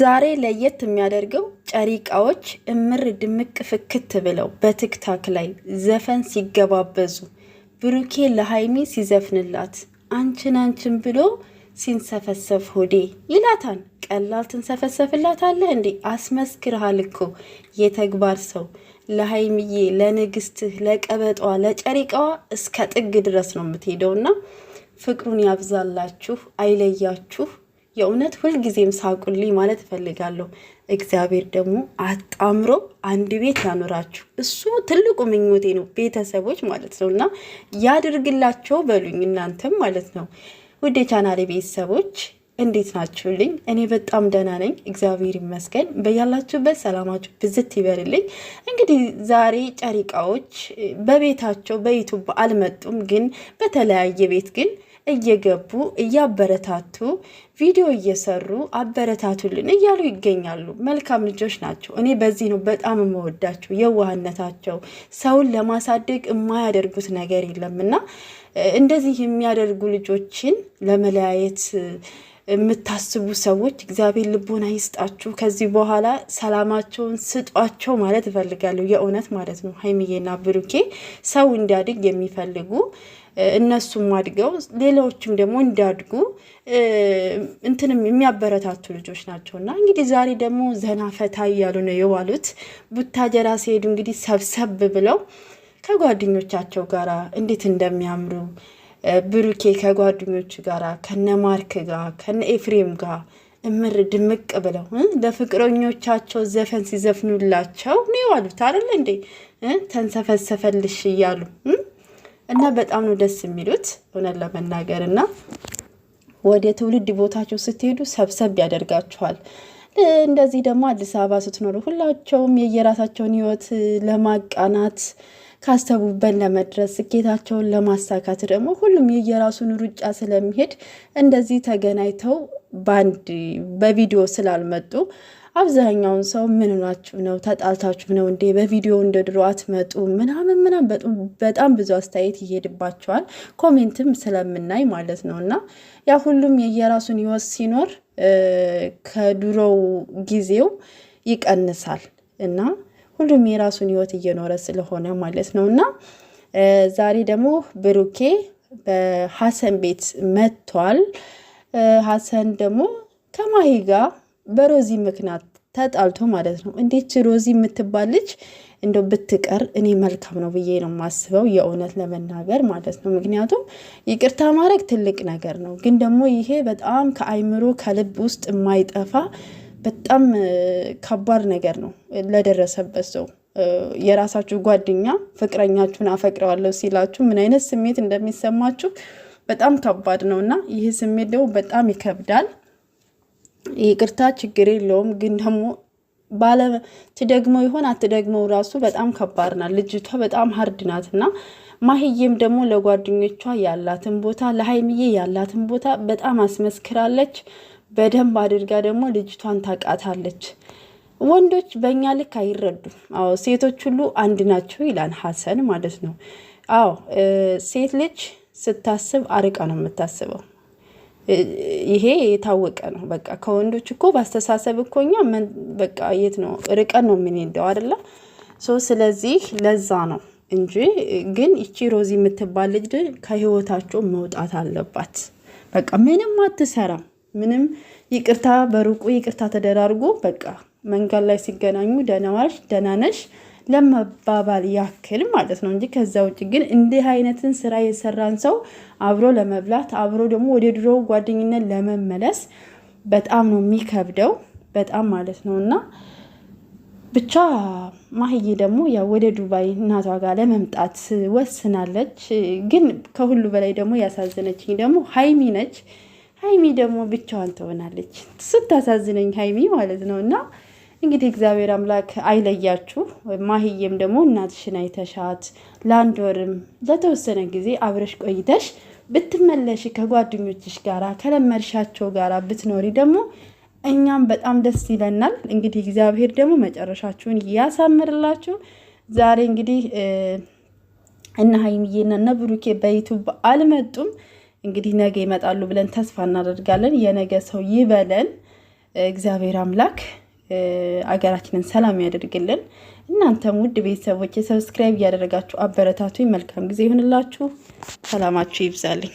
ዛሬ ለየት የሚያደርገው ጨሪቃዎች እምር ድምቅ ፍክት ብለው በቲክታክ ላይ ዘፈን ሲገባበዙ ብሩኬ ለሀይሚ ሲዘፍንላት አንቺን አንቺን ብሎ ሲንሰፈሰፍ ሆዴ ይላታል። ቀላል አለ እንዴ? አስመስክርሃል እኮ የተግባር ሰው። ለሀይሚዬ፣ ለንግስትህ፣ ለቀበጧ፣ ለጨሪቃዋ እስከ ጥግ ድረስ ነው የምትሄደውና ፍቅሩን ያብዛላችሁ፣ አይለያችሁ። የእውነት ሁልጊዜም ሳቁልኝ ማለት እፈልጋለሁ። እግዚአብሔር ደግሞ አጣምሮ አንድ ቤት ያኖራችሁ። እሱ ትልቁ ምኞቴ ነው፣ ቤተሰቦች ማለት ነው። እና ያድርግላቸው በሉኝ እናንተም ማለት ነው። ውድ የቻናሌ ቤተሰቦች እንዴት ናችሁልኝ? እኔ በጣም ደህና ነኝ፣ እግዚአብሔር ይመስገን። በያላችሁበት ሰላማችሁ ብዝት ይበልልኝ። እንግዲህ ዛሬ ጨሪቃዎች በቤታቸው በዩቱብ አልመጡም፣ ግን በተለያየ ቤት ግን እየገቡ እያበረታቱ ቪዲዮ እየሰሩ አበረታቱልን እያሉ ይገኛሉ። መልካም ልጆች ናቸው። እኔ በዚህ ነው በጣም የምወዳቸው የዋህነታቸው። ሰውን ለማሳደግ የማያደርጉት ነገር የለምና እንደዚህ የሚያደርጉ ልጆችን ለመለያየት የምታስቡ ሰዎች እግዚአብሔር ልቦና ይስጣችሁ። ከዚህ በኋላ ሰላማቸውን ስጧቸው ማለት እፈልጋለሁ። የእውነት ማለት ነው። ሀይሚዬና ብሩኬ ሰው እንዲያድግ የሚፈልጉ እነሱም አድገው ሌሎችም ደግሞ እንዲያድጉ እንትንም የሚያበረታቱ ልጆች ናቸው እና እንግዲህ ዛሬ ደግሞ ዘና ፈታ እያሉ ነው የዋሉት። ቡታጀራ ሲሄዱ እንግዲህ ሰብሰብ ብለው ከጓደኞቻቸው ጋር እንዴት እንደሚያምሩ ብሩኬ ከጓደኞቹ ጋር ከነ ማርክ ጋር ከነ ኤፍሬም ጋር እምር ድምቅ ብለው ለፍቅረኞቻቸው ዘፈን ሲዘፍኑላቸው ነው አሉት አይደል እንዴ? ተንሰፈሰፈልሽ እያሉ እና በጣም ነው ደስ የሚሉት እውነት ለመናገር እና ወደ ትውልድ ቦታቸው ስትሄዱ ሰብሰብ ያደርጋችኋል። እንደዚህ ደግሞ አዲስ አበባ ስትኖሩ ሁላቸውም የየራሳቸውን ህይወት ለማቃናት ካሰቡበት ለመድረስ ስኬታቸውን ለማሳካት ደግሞ ሁሉም የየራሱን ሩጫ ስለሚሄድ እንደዚህ ተገናኝተው በአንድ በቪዲዮ ስላልመጡ አብዛኛውን ሰው ምን ናችሁ ነው? ተጣልታችሁ ነው እንዴ? በቪዲዮ እንደ ድሮ አትመጡ ምናምን ምናምን በጣም ብዙ አስተያየት ይሄድባቸዋል። ኮሜንትም ስለምናይ ማለት ነው። እና ያ ሁሉም የየራሱን ህይወት ሲኖር ከድሮው ጊዜው ይቀንሳል እና ሁሉም የራሱን ህይወት እየኖረ ስለሆነ ማለት ነው። እና ዛሬ ደግሞ ብሩኬ በሀሰን ቤት መጥቷል። ሀሰን ደግሞ ከማሂ ጋር በሮዚ ምክንያት ተጣልቶ ማለት ነው። እንዴት ሮዚ የምትባል ልጅ እንደ ብትቀር እኔ መልካም ነው ብዬ ነው የማስበው፣ የእውነት ለመናገር ማለት ነው። ምክንያቱም ይቅርታ ማድረግ ትልቅ ነገር ነው፣ ግን ደግሞ ይሄ በጣም ከአይምሮ ከልብ ውስጥ የማይጠፋ በጣም ከባድ ነገር ነው ለደረሰበት ሰው። የራሳችሁ ጓደኛ ፍቅረኛችሁን አፈቅረዋለሁ ሲላችሁ ምን አይነት ስሜት እንደሚሰማችሁ በጣም ከባድ ነው እና ይህ ስሜት ደግሞ በጣም ይከብዳል። ይቅርታ ችግር የለውም ግን ደግሞ ባለ ትደግሞ ይሆን አትደግመው ራሱ በጣም ከባድ ናት። ልጅቷ በጣም ሀርድ ናት እና ማህዬም ደግሞ ለጓደኞቿ ያላትን ቦታ ለሀይምዬ ያላትን ቦታ በጣም አስመስክራለች። በደንብ አድርጋ ደግሞ ልጅቷን ታውቃታለች። ወንዶች በእኛ ልክ አይረዱም። አዎ ሴቶች ሁሉ አንድ ናቸው ይላል ሀሰን ማለት ነው። አዎ ሴት ልጅ ስታስብ አርቃ ነው የምታስበው። ይሄ የታወቀ ነው። በቃ ከወንዶች እኮ በአስተሳሰብ እኮ እኛ በቃ የት ነው ርቀን ነው የምንሄደው አይደለ? ሶ ስለዚህ ለዛ ነው እንጂ ግን ይቺ ሮዚ የምትባል ልጅ ከህይወታቸው መውጣት አለባት። በቃ ምንም አትሰራም። ምንም ይቅርታ በሩቁ ይቅርታ ተደራርጎ በቃ መንገድ ላይ ሲገናኙ ደህና ዋልሽ ደህና ነሽ ለመባባል ያክል ማለት ነው እንጂ ከዛ ውጭ ግን እንዲህ አይነትን ስራ የሰራን ሰው አብሮ ለመብላት አብሮ ደግሞ ወደ ድሮ ጓደኝነት ለመመለስ በጣም ነው የሚከብደው። በጣም ማለት ነው እና ብቻ ማህዬ ደግሞ ያው ወደ ዱባይ እናቷ ጋር ለመምጣት ወስናለች። ግን ከሁሉ በላይ ደግሞ ያሳዘነችኝ ደግሞ ሀይሚ ነች። ሀይሚ ደግሞ ብቻዋን ትሆናለች። ስታሳዝነኝ ሀይሚ ማለት ነው። እና እንግዲህ እግዚአብሔር አምላክ አይለያችሁ። ማህዬም ደግሞ እናትሽን አይተሻት ለአንድ ወርም ለተወሰነ ጊዜ አብረሽ ቆይተሽ ብትመለሽ ከጓደኞችሽ ጋራ ከለመድሻቸው ጋራ ብትኖሪ ደግሞ እኛም በጣም ደስ ይለናል። እንግዲህ እግዚአብሔር ደግሞ መጨረሻችሁን እያሳምርላችሁ። ዛሬ እንግዲህ እነ ሀይሚዬና እነ ብሩኬ በዩቱብ አልመጡም። እንግዲህ ነገ ይመጣሉ ብለን ተስፋ እናደርጋለን። የነገ ሰው ይበለን። እግዚአብሔር አምላክ አገራችንን ሰላም ያደርግልን። እናንተም ውድ ቤተሰቦች ሰብስክራይብ እያደረጋችሁ አበረታቱኝ። መልካም ጊዜ ይሁንላችሁ። ሰላማችሁ ይብዛልኝ።